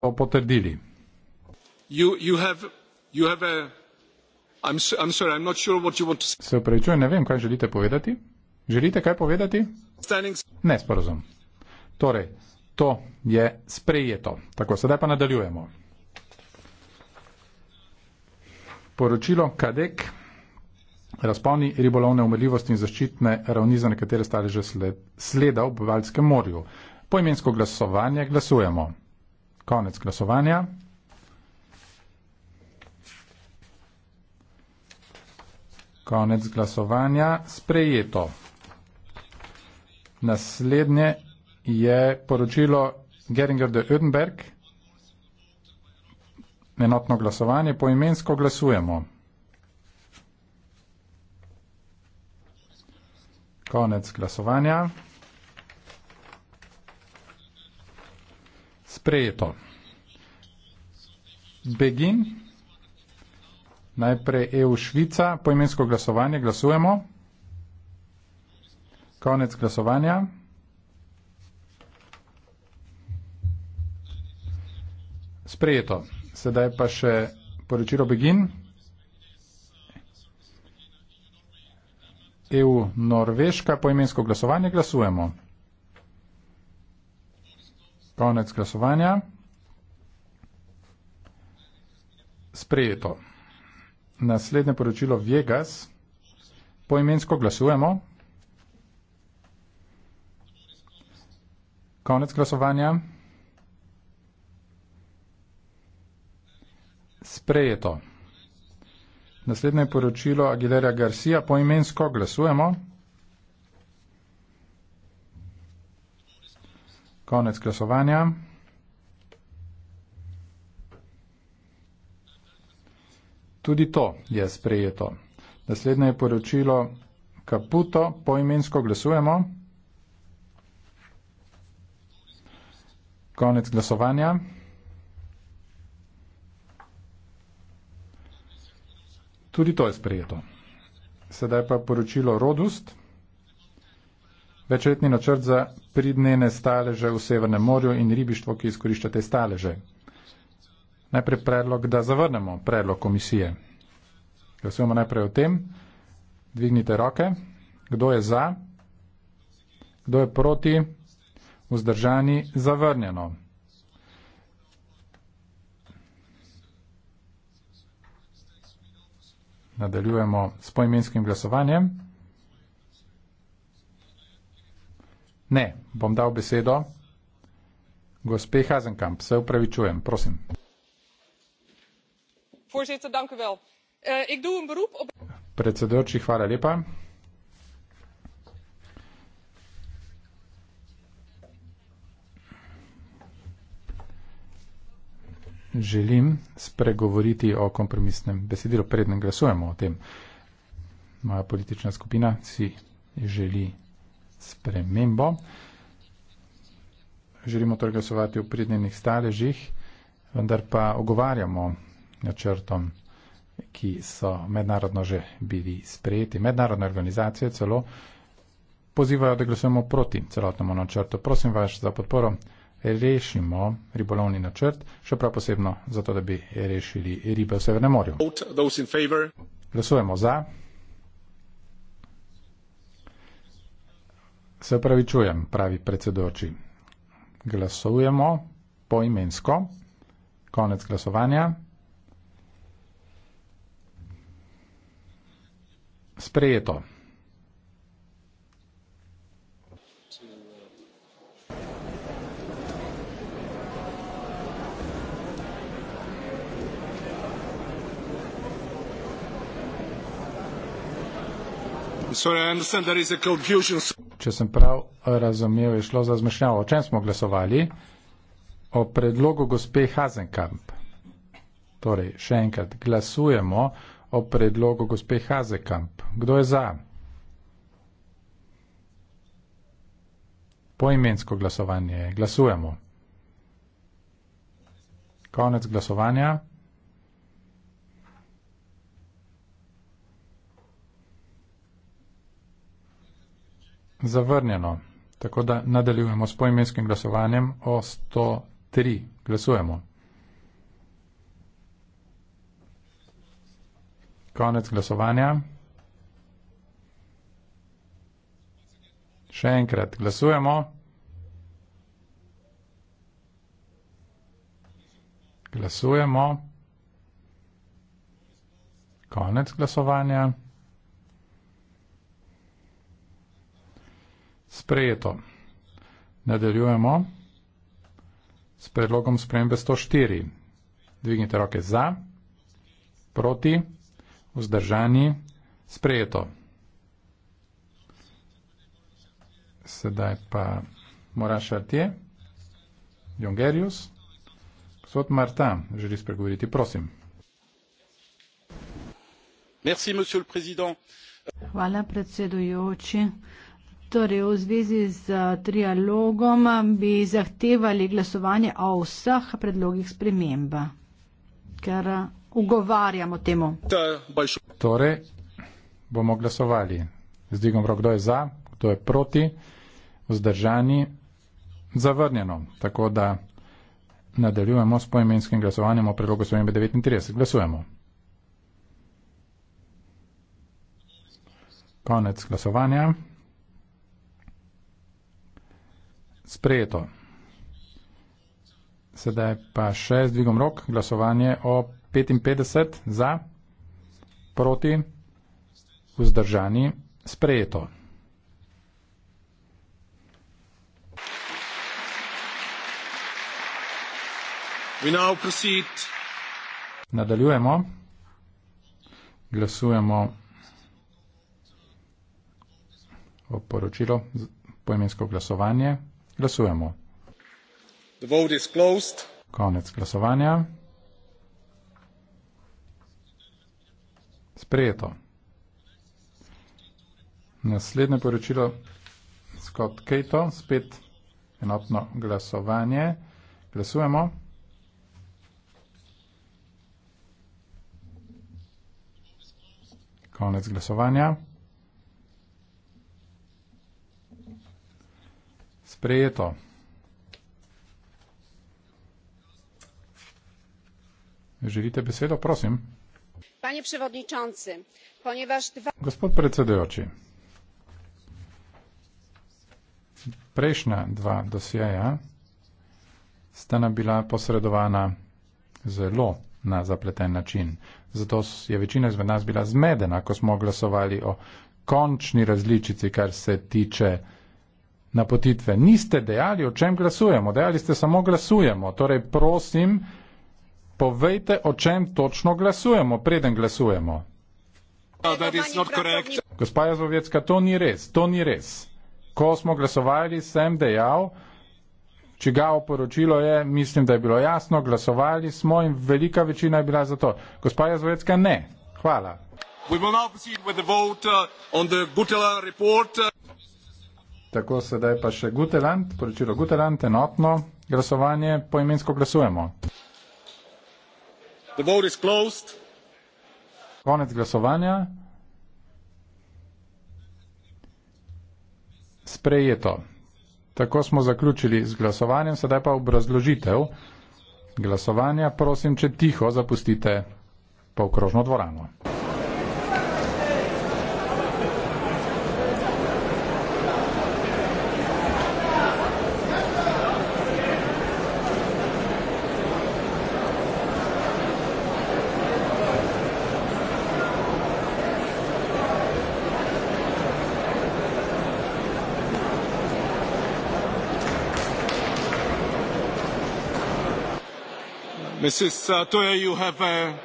to potrdili. Se upravičujem, ne vem, kaj želite povedati. Želite kaj povedati? Ne, sporozum. Torej, to je sprejeto. Tako, sedaj pa nadaljujemo. Poročilo KADEK razponi ribolovne umrljivosti in zaščitne ravni, za nekatere stale že sleda v Bivalskem morju. Po imensko glasovanje glasujemo. Konec glasovanja. Konec glasovanja. Sprejeto. Naslednje je poročilo Geringer de Ödenberg. Enotno glasovanje. Poimensko glasujemo. Konec glasovanja. Sprejeto. Begin. Najprej EU Švica, poimensko glasovanje, glasujemo. Konec glasovanja. Sprejeto. Sedaj pa še poročilo Begin. EU Norveška, poimensko glasovanje, glasujemo. Konec glasovanja. Sprejeto. Naslednje poročilo Vegas. Poimensko glasujemo. Konec glasovanja. Sprejeto. Naslednje poročilo Aguilera Garcia. Poimensko glasujemo. Konec glasovanja. Tudi to je sprejeto. Naslednje je poročilo Kaputo, poimensko glasujemo. Konec glasovanja. Tudi to je sprejeto. Sedaj pa poročilo Rodust večletni načrt za pridnene staleže v Severnem morju in ribištvo, ki izkorišča te staleže. Najprej predlog, da zavrnemo predlog komisije. Glasujemo najprej o tem. Dvignite roke. Kdo je za? Kdo je proti? Vzdržani zavrnjeno. Nadaljujemo s poimenskim glasovanjem. Ne, bom dal besedo. Gospe Hazenkamp, se upravičujem, prosim. Voorzitter, dank u wel. Uh, ik doe een beroep op. Predsedujoči, hvala lepa. Želim spregovoriti o kompromisnem besedilu, predem glasujemo o tem. Moja politična skupina si želi spremembo. Želimo torej glasovati v pridnenih staležih, vendar pa ogovarjamo načrtom, ki so mednarodno že bili sprejeti. Mednarodne organizacije celo pozivajo, da glasujemo proti celotnemu načrtu. Prosim vas za podporo. Rešimo ribolovni načrt, še prav posebno zato, da bi rešili ribe v Severnem morju. Glasujemo za. Se pravi, čujem, pravi predsedoči. Glasujemo poimensko. Konec glasovanja. Sprejeto. Sorry, I understand there is a confusion če sem prav razumel, je šlo za zmešnjavo. O čem smo glasovali? O predlogu gospe Hazenkamp. Torej, še enkrat, glasujemo o predlogu gospe Hazenkamp. Kdo je za? Poimensko glasovanje. Glasujemo. Konec glasovanja. zavrnjeno. Tako da nadaljujemo s poimenskim glasovanjem o 103. Glasujemo. Konec glasovanja. Še enkrat glasujemo. Glasujemo. Konec glasovanja. Sprejeto. Nadaljujemo s predlogom spremembe 104. Dvignite roke za, proti, vzdržani, sprejeto. Sedaj pa mora šartje, Jongerius, gospod Marta, želi spregovoriti, prosim. Merci, Hvala predsedujoči. Torej, v zvezi z eh, trialogom eh, bi zahtevali glasovanje o vseh predlogih sprememba, ker eh, ugovarjamo temu. Torej, bomo glasovali. Zdigom rok, kdo je za, kdo je proti, vzdržani, zavrnjeno. Tako da nadaljujemo s poimenskim glasovanjem o predlogu sprememba 39. Glasujemo. Konec glasovanja. Sprejeto. Sedaj pa še z dvigom rok glasovanje o 55 za, proti, vzdržani. Sprejeto. Nadaljujemo. Glasujemo o poročilo, poimensko glasovanje. Glasujemo. Konec glasovanja. Sprejeto. Naslednje poročilo Scott Cato, spet enotno glasovanje. Glasujemo. Konec glasovanja. Sprejeto. Želite besedo, prosim? Panie przewodniczący, ponieważ dwa... Gospod predsedujoči, prejšnja dva dosjeja sta nam bila posredovana zelo na zapleten način. Zato je večina izmed nas bila zmedena, ko smo glasovali o končni različici, kar se tiče napotitve. Niste dejali, o čem glasujemo. Dejali ste samo glasujemo. Torej, prosim, povejte, o čem točno glasujemo, preden glasujemo. No, Gospa Jazbovjecka, to ni res, to ni res. Ko smo glasovali, sem dejal, čigavo poročilo je, mislim, da je bilo jasno, glasovali smo in velika večina je bila za to. Gospa Jazbovjecka, ne. Hvala. Tako sedaj pa še Guteland, poročilo Guteland, enotno glasovanje, poimensko glasujemo. Konec glasovanja. Sprejeto. Tako smo zaključili z glasovanjem, sedaj pa obrazložitev glasovanja. Prosim, če tiho zapustite polkrožno dvorano.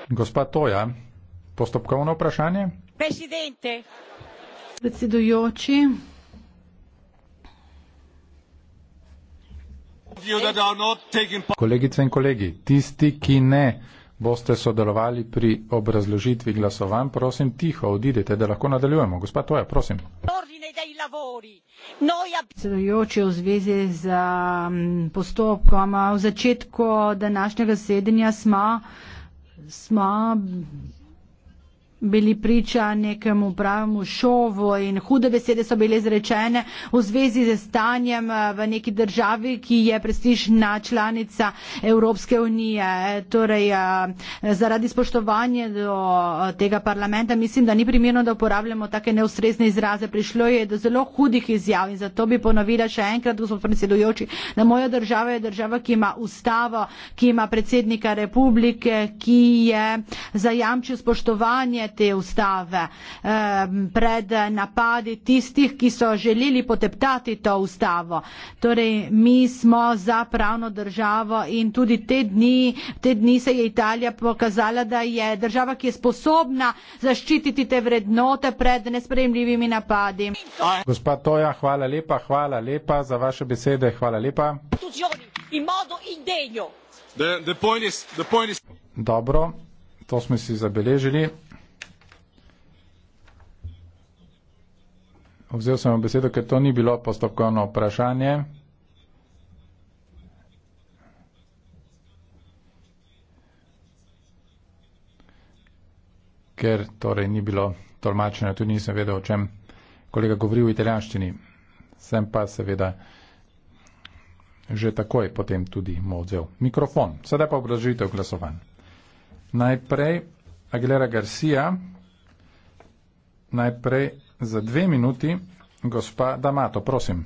Gospa Toja, postopkovno vprašanje? Presidente. Predsedujoči. Kolegice in kolegi, tisti, ki ne boste sodelovali pri obrazložitvi glasovanj, prosim, tiho odidete, da lahko nadaljujemo. Gospa Toja, prosim predsedujoči v zvezi z um, postopkom v začetku današnjega sedenja smo, smo bili priča nekemu pravemu šovu in hude besede so bile izrečene v zvezi z stanjem eh, v neki državi, ki je prestižna članica Evropske unije. Torej, eh, zaradi spoštovanja do eh, tega parlamenta mislim, da ni primerno, da uporabljamo take neustrezne izraze. Prišlo je do zelo hudih izjav in zato bi ponovila še enkrat, gospod predsedujoči, da moja država je država, ki ima ustavo, ki ima predsednika republike, ki je zajamčil spoštovanje te ustave ehm, pred napadi tistih, ki so želeli poteptati to ustavo. Torej, mi smo za pravno državo in tudi te dni, te dni se je Italija pokazala, da je država, ki je sposobna zaščititi te vrednote pred nespremljivimi napadi. Gospa Toja, hvala lepa, hvala lepa za vaše besede, hvala lepa. The, the is, the is... Dobro, to smo si zabeležili. Vzel sem besedo, ker to ni bilo postopkovno vprašanje. Ker torej ni bilo tolmačenja, tudi nisem vedel, o čem kolega govori v italijanščini. Sem pa seveda že takoj potem tudi mu odzel mikrofon. Sedaj pa obrazložitev glasovanj. Najprej Aguilera Garcia, najprej Za dve minuti, gospa Damato, prosim.